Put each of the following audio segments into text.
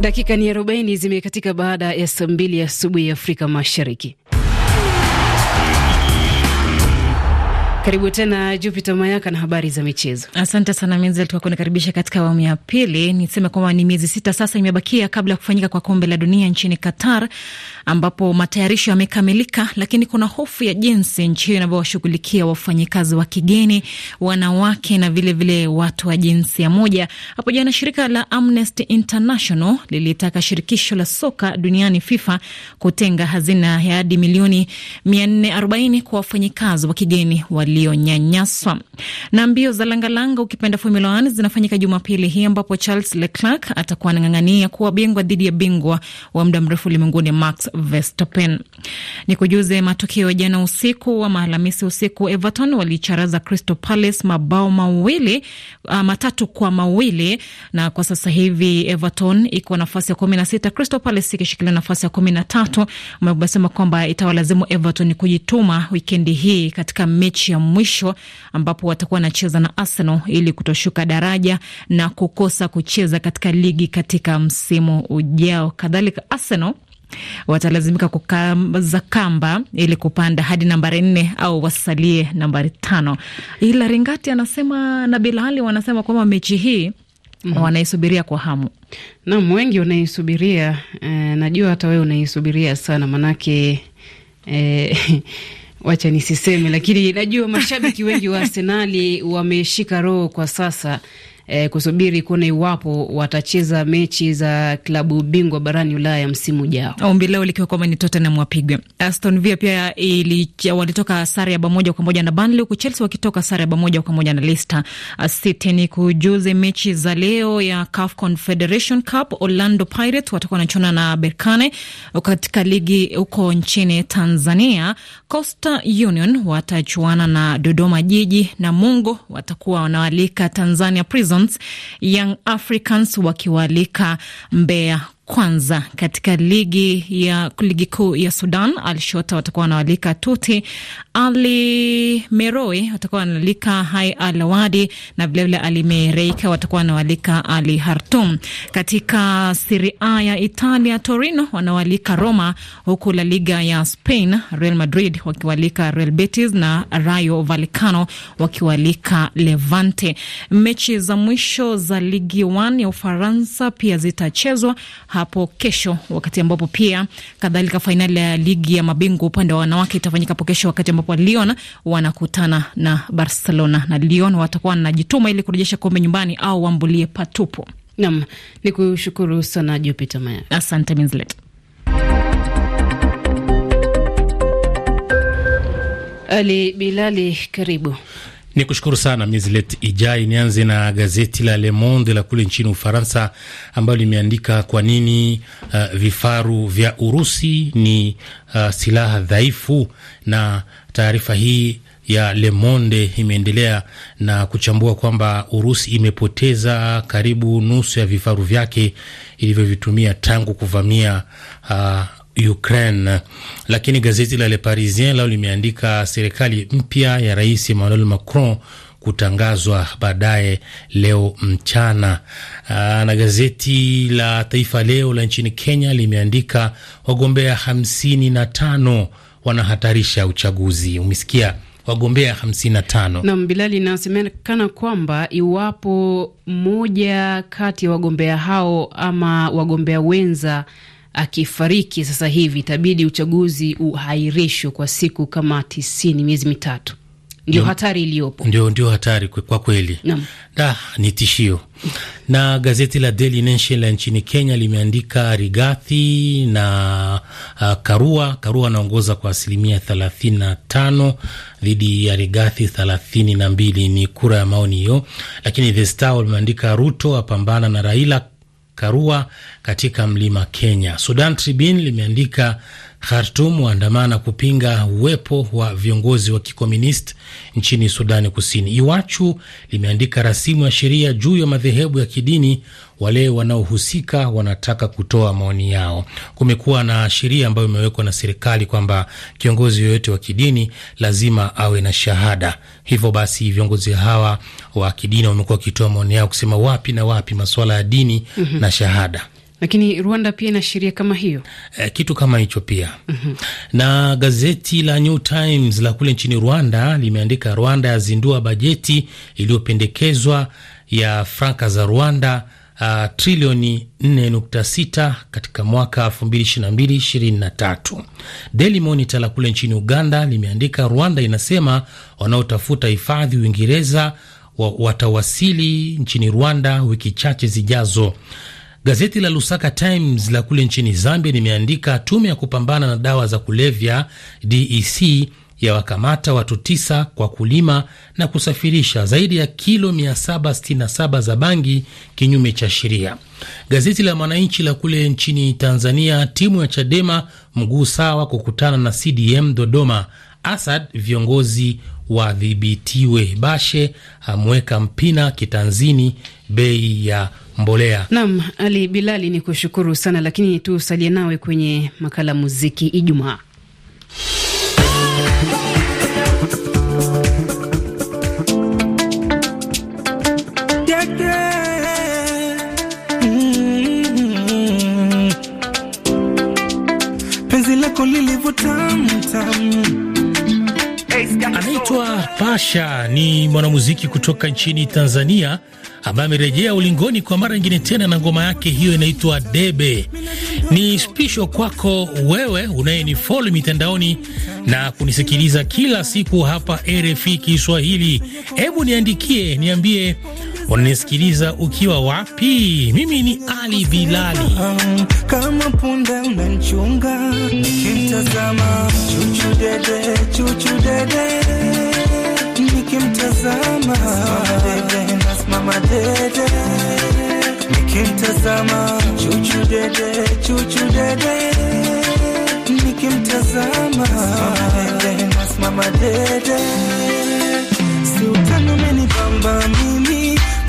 Dakika ni arobaini zimekatika baada ya saa mbili asubuhi ya Afrika Mashariki. Karibu tena Jupiter Mayaka na habari za michezo. Asante sana Menzel, tukakunikaribisha katika awamu ya pili. Niseme kwamba ni miezi sita sasa imebakia kabla ya kufanyika kwa kombe la dunia nchini Qatar, ambapo matayarisho yamekamilika, lakini kuna hofu ya jinsi nchi hiyo inavyowashughulikia wafanyikazi wa kigeni, wanawake na vilevile vile watu wa jinsia moja. Hapo jana shirika la Amnesty International lilitaka shirikisho la soka duniani FIFA kutenga hazina ya hadi milioni 440 kwa wafanyikazi wa kigeni wali walionyanyaswa. Na mbio za langalanga ukipenda Formula 1 zinafanyika Jumapili hii ambapo Charles Leclerc atakuwa anang'ang'ania kuwa bingwa dhidi ya bingwa wa muda mrefu ulimwenguni Max Verstappen. Ni kujuze matokeo jana usiku wa Alhamisi usiku, Everton walicharaza Crystal Palace mabao mawili uh, matatu kwa mawili, na kwa sasa hivi Everton iko nafasi ya kumi na sita, Crystal Palace ikishikilia nafasi ya kumi na tatu. Amesema kwamba itawalazimu Everton kujituma wikendi hii katika mechi ya mwisho ambapo watakuwa wanacheza na Arsenal ili kutoshuka daraja na kukosa kucheza katika ligi katika msimu ujao. Kadhalika Arsenal watalazimika kukaza kamba ili kupanda hadi nambari nne au wasalie nambari tano. Ila Ringati anasema na Bilali wanasema kwamba mechi hii Mm -hmm. Wanaisubiria kwa hamu. Naam, wengi unaisubiria. E, eh, najua hata wewe unaisubiria sana manake e, wacha nisiseme, lakini najua mashabiki wengi wa Arsenali wameshika roho kwa sasa eh, kusubiri kuona iwapo watacheza mechi za klabu bingwa barani Ulaya msimu ujao. Ombi leo likiwa kwamba ni Tottenham wapigwe. Aston Villa pia ili, walitoka sare ya bamoja kwa moja na Burnley, huku Chelsea wakitoka sare ya bamoja kwa moja na Leicester City. Ni kujuze mechi za leo ya CAF Confederation Cup, Orlando Pirates watakuwa wanachuana na Berkane. Katika ligi huko nchini Tanzania, Coastal Union watachuana na Dodoma Jiji na Mungo watakuwa wanawalika Tanzania Prison Africans, Young Africans wakiwaalika Mbeya kwanza katika ligi ya ligi kuu ya Sudan. Alshota watakuwa wanawalika Tuti, Ali Meroe watakuwa wanaalika Hai Alawadi na vilevile Ali Mereika watakuwa wanawalika Ali Hartum. Katika Siri A ya Italia, Torino wanawalika Roma, huku La Liga ya Spain, Real Madrid wakiwalika Real Betis na Rayo Vallecano wakiwalika Levante. Mechi za mwisho za ligi 1 ya Ufaransa pia zitachezwa hapo kesho, wakati ambapo pia kadhalika fainali ya ligi ya mabingwa upande wa wanawake itafanyika hapo kesho, wakati ambapo Lyon wanakutana na Barcelona na Lyon watakuwa wanajituma ili kurejesha kombe nyumbani au wambulie patupo. Nam ni kushukuru sana Jupiter Maya, asante Minslet. Ali Bilali, karibu. Ni kushukuru sana Mislet Ijai. Nianze na gazeti la Le Monde la kule nchini Ufaransa, ambayo limeandika kwa nini uh, vifaru vya Urusi ni uh, silaha dhaifu. Na taarifa hii ya Le Monde imeendelea na kuchambua kwamba Urusi imepoteza karibu nusu ya vifaru vyake ilivyovitumia tangu kuvamia uh, Ukraine. Lakini gazeti la Le Parisien lao limeandika serikali mpya ya Rais Emmanuel Macron kutangazwa baadaye leo mchana. Aa, na gazeti la Taifa Leo la nchini Kenya limeandika wagombea hamsini na tano wanahatarisha uchaguzi. Umesikia? wagombea tano nam Bilali, inasemekana kwamba iwapo mmoja kati ya wagombea hao ama wagombea wenza akifariki sasa hivi, itabidi uchaguzi uhairishwe kwa siku kama tisini, miezi mitatu. Ndio hatari iliyopo, ndio ndio hatari kwa kweli da, ni tishio. Na gazeti la Daily Nation la nchini Kenya limeandika Rigathi na uh, Karua. Karua anaongoza kwa asilimia thelathini na tano dhidi ya Rigathi thelathini na mbili ni kura ya maoni hiyo, lakini The Star limeandika Ruto apambana na Raila Karua katika mlima Kenya. Sudan Tribune limeandika Khartum waandamana kupinga uwepo wa viongozi wa kikomunist nchini Sudani Kusini. Iwachu limeandika rasimu ya sheria juu ya madhehebu ya kidini, wale wanaohusika wanataka kutoa maoni yao. Kumekuwa na sheria ambayo imewekwa na serikali kwamba kiongozi yoyote wa kidini lazima awe na shahada. Hivyo basi viongozi hawa wa kidini wamekuwa wakitoa maoni yao kusema wapi na wapi masuala ya dini mm -hmm. na shahada lakini Rwanda pia ina sheria kama hiyo e, kitu kama hicho pia mm -hmm. Na gazeti la New Times la kule nchini Rwanda limeandika Rwanda yazindua bajeti iliyopendekezwa ya franka za Rwanda uh, trilioni 4.6 katika mwaka 2022/2023. Daily Monitor la kule nchini Uganda limeandika Rwanda inasema wanaotafuta hifadhi Uingereza watawasili nchini Rwanda wiki chache zijazo. Gazeti la Lusaka Times la kule nchini Zambia limeandika tume ya kupambana na dawa za kulevya DEC ya wakamata watu tisa kwa kulima na kusafirisha zaidi ya kilo 767 za bangi kinyume cha sheria. Gazeti la Mwananchi la kule nchini Tanzania, timu ya Chadema mguu sawa kukutana na CDM Dodoma, Asad viongozi wadhibitiwe. Bashe amweka ah, Mpina kitanzini bei ya mbolea. Naam, Ali Bilali ni kushukuru sana, lakini tusalie nawe kwenye makala muziki Ijumaa. Penzi lako tamu Anaitwa Pasha, ni mwanamuziki kutoka nchini Tanzania ambaye amerejea ulingoni kwa mara nyingine tena na ngoma yake hiyo inaitwa Debe. Ni spisho kwako wewe unayenifollow mitandaoni na kunisikiliza kila siku hapa RFI Kiswahili. Hebu niandikie, niambie unanisikiliza ukiwa wapi? Mimi ni Ali Bilali. Kama punda unanichunga nikimtazama, chuchu dede, chuchu dede, nikimtazama nasimama dede, nikimtazama chuchu dede, chuchu dede, nikimtazama nasimama dede, si utano umenibamba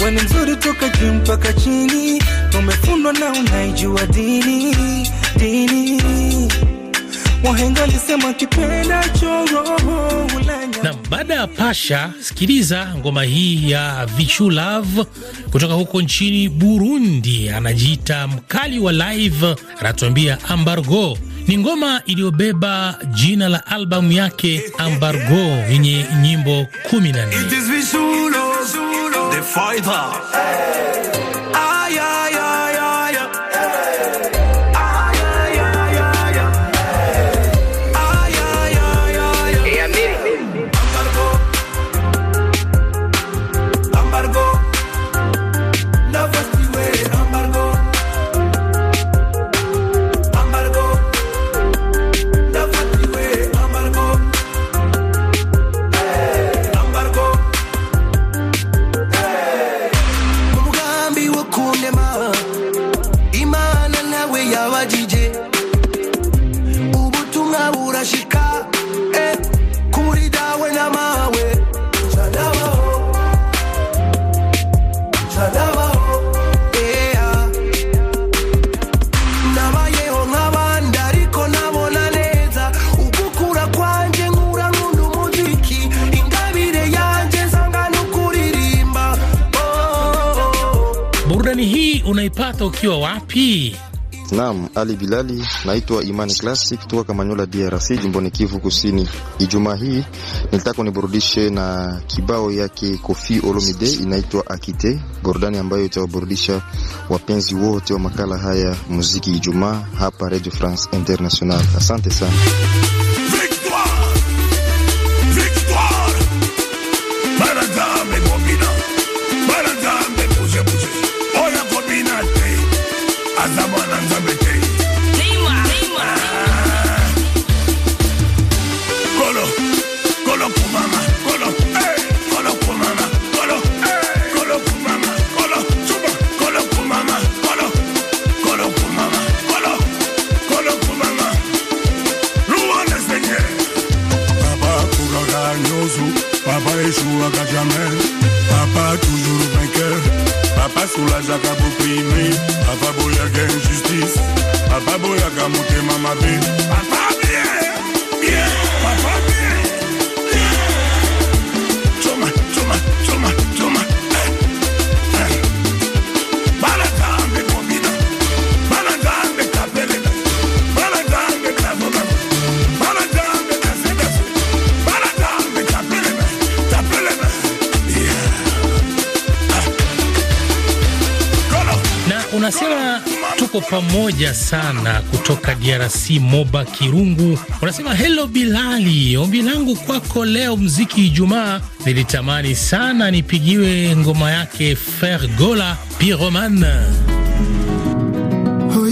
wewe mzuri toka juu mpaka chini, umefundwa na unaijua dini dini. Wahenga lisema kipenda choroho Na baada ya Pasha, sikiliza ngoma hii ya Vichu Love kutoka huko nchini Burundi, anajiita mkali wa live, anatuambia ambargo ni ngoma iliyobeba jina la albamu yake Ambargo yenye nyimbo kumi na nne. The fighter. Hey Naam, Ali Bilali, naitwa Imani Classic toka Kamanyola, DRC, jimboni Kivu Kusini. Ijumaa hii nilitaka niburudishe na kibao yake Kofi Olomide inaitwa Akite, burudani ambayo itawaburudisha wapenzi wote wa makala haya muziki Ijumaa hapa Radio France International. Asante sana. pamoja sana kutoka DRC, Moba Kirungu unasema helo Bilali, ombi langu kwako leo mziki Ijumaa, nilitamani sana nipigiwe ngoma yake Fergola Piroman. Oh,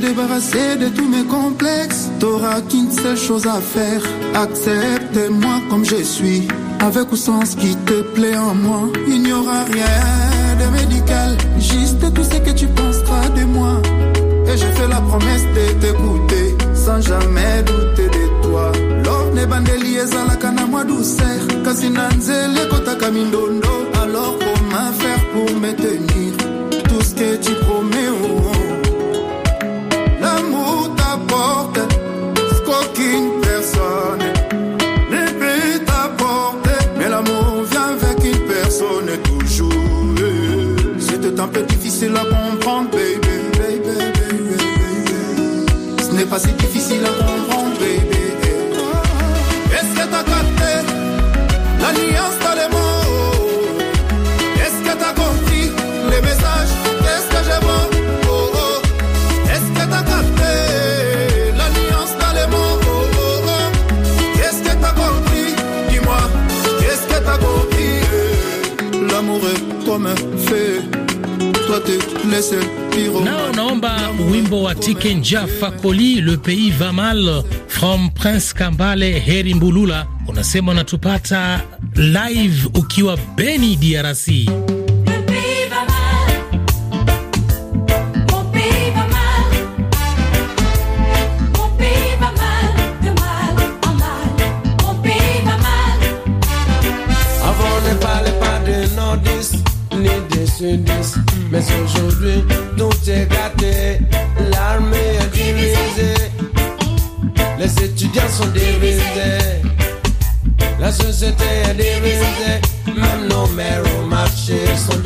débarrasser de tous mes complexes. T'auras qu'une seule chose à faire, accepte-moi comme je suis. Avec ou sans ce qui te plaît en moi, il n'y aura rien de médical. Juste tout ce que tu penseras de moi. Et je fais la promesse de t'écouter, sans jamais douter de toi. Lors les ezalaka à douceur alors comment faire pour me tenir tout ce que tu promets au? oh. Nao naomba wimbo wa Tikenja Fakoli, Le Pays Va Mal from Prince Kambale Heri Mbulula, unasema unatupata live ukiwa Beni, DRC. non ero marce sono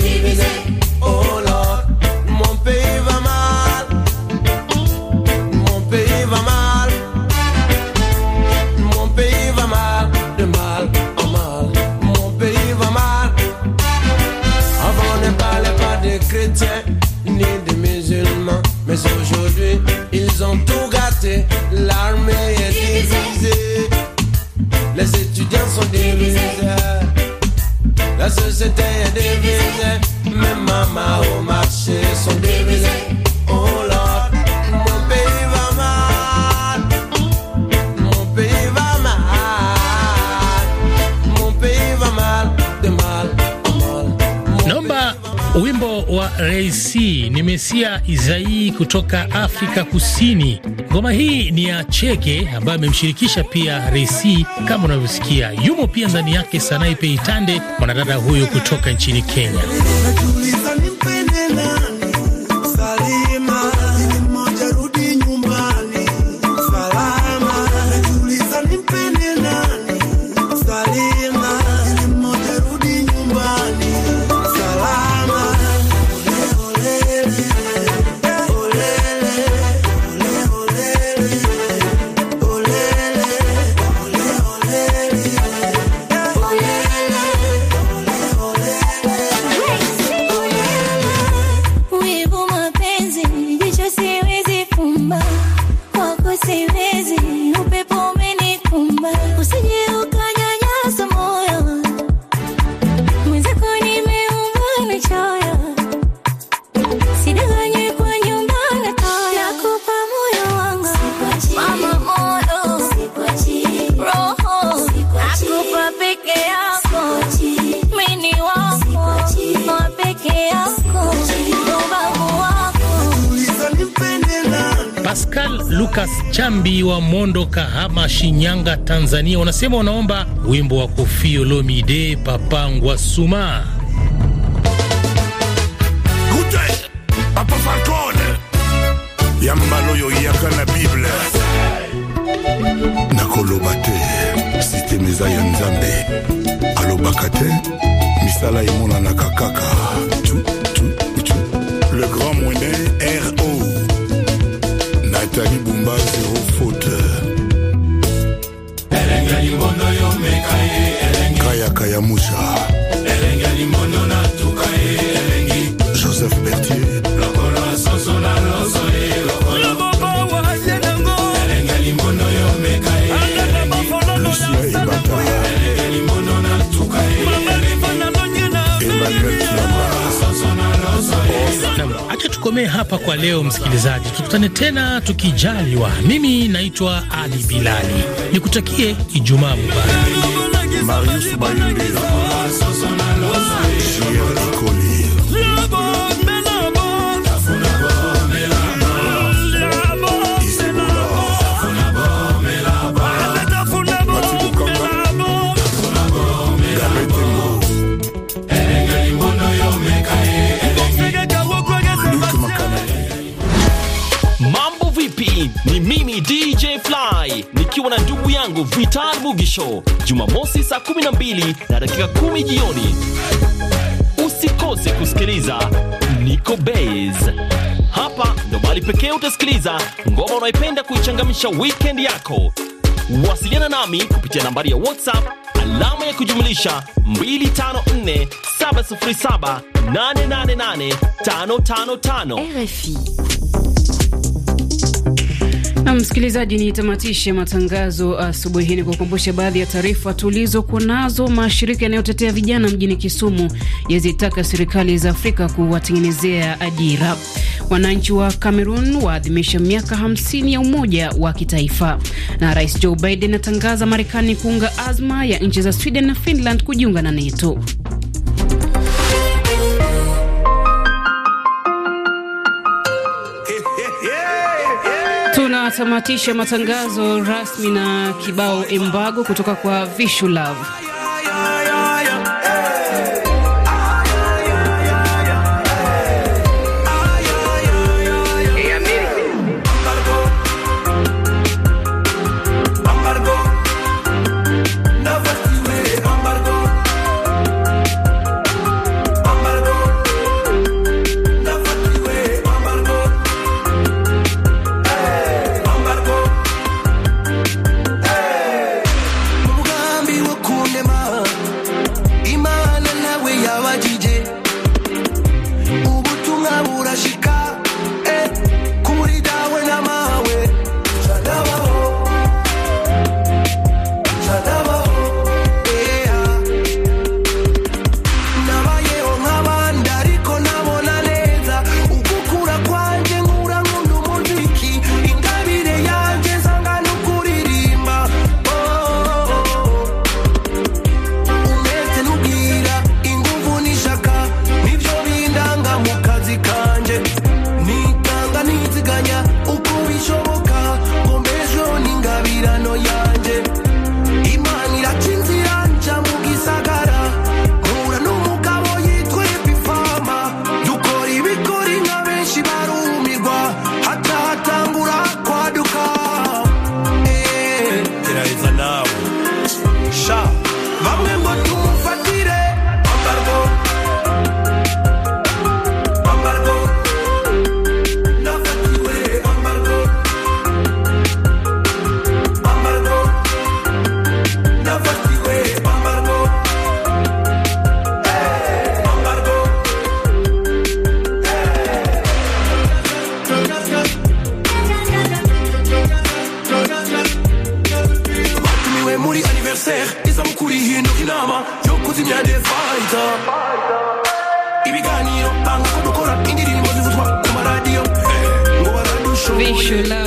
Reisi ni Mesia Izai kutoka Afrika Kusini. Ngoma hii ni ya Cheke ambayo amemshirikisha pia Reisi, kama unavyosikia, yumo pia ndani yake Sanaipe Itande, mwanadada huyu kutoka nchini Kenya. Pascal Lucas Chambi wa Mondo, Kahama, Shinyanga, Tanzania, wanasema wanaomba wimbo wa Koffi Olomide Papangwa Suma. yambala oyo eyaka na bible nakoloba te sisteme ya nzambe alobaka te misala emonanaka kaka tu le grand monnaie atari bumba zero faute kayaka ya musha nikomee hapa kwa leo, msikilizaji. Tukutane tena tukijaliwa. Mimi naitwa Ali Bilali, nikutakie Ijumaa mubarak. ukiwa na ndugu yangu Vital Mugisho Jumamosi saa 12 na dakika 10 jioni. Usikose kusikiliza Niko bas Hapa ndo bali pekee utasikiliza ngoma unaipenda kuichangamisha weekend yako. Wasiliana nami kupitia nambari ya WhatsApp alama ya kujumlisha 254 707 888 555 RFI. Msikilizaji, tamatishe matangazo asubuhi hii ni kukumbusha baadhi ya taarifa tulizokuwa nazo. Mashirika yanayotetea vijana mjini Kisumu yazitaka serikali za Afrika kuwatengenezea ajira. Wananchi wa Cameroon waadhimisha miaka 50 ya umoja wa kitaifa, na Rais Joe Biden atangaza Marekani kuunga azma ya nchi za Sweden na Finland kujiunga na NATO. tunatamatisha matangazo rasmi na kibao embago kutoka kwa Vishu Love.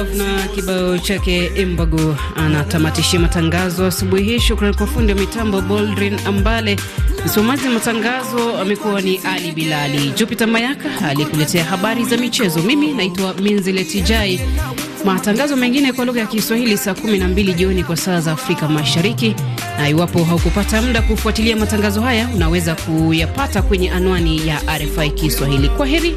Love na kibao chake Embago anatamatishia matangazo asubuhi hii. Shukrani kwa fundi wa mitambo Boldrin Ambale, msomaji wa matangazo amekuwa ni Ali Bilali. Jupiter Mayaka alikuletea habari za michezo. Mimi naitwa Minzileti Jai. Matangazo mengine kwa lugha ya Kiswahili saa 12 jioni kwa saa za Afrika Mashariki, na iwapo haukupata muda kufuatilia matangazo haya unaweza kuyapata kwenye anwani ya RFI Kiswahili. Kwa heri.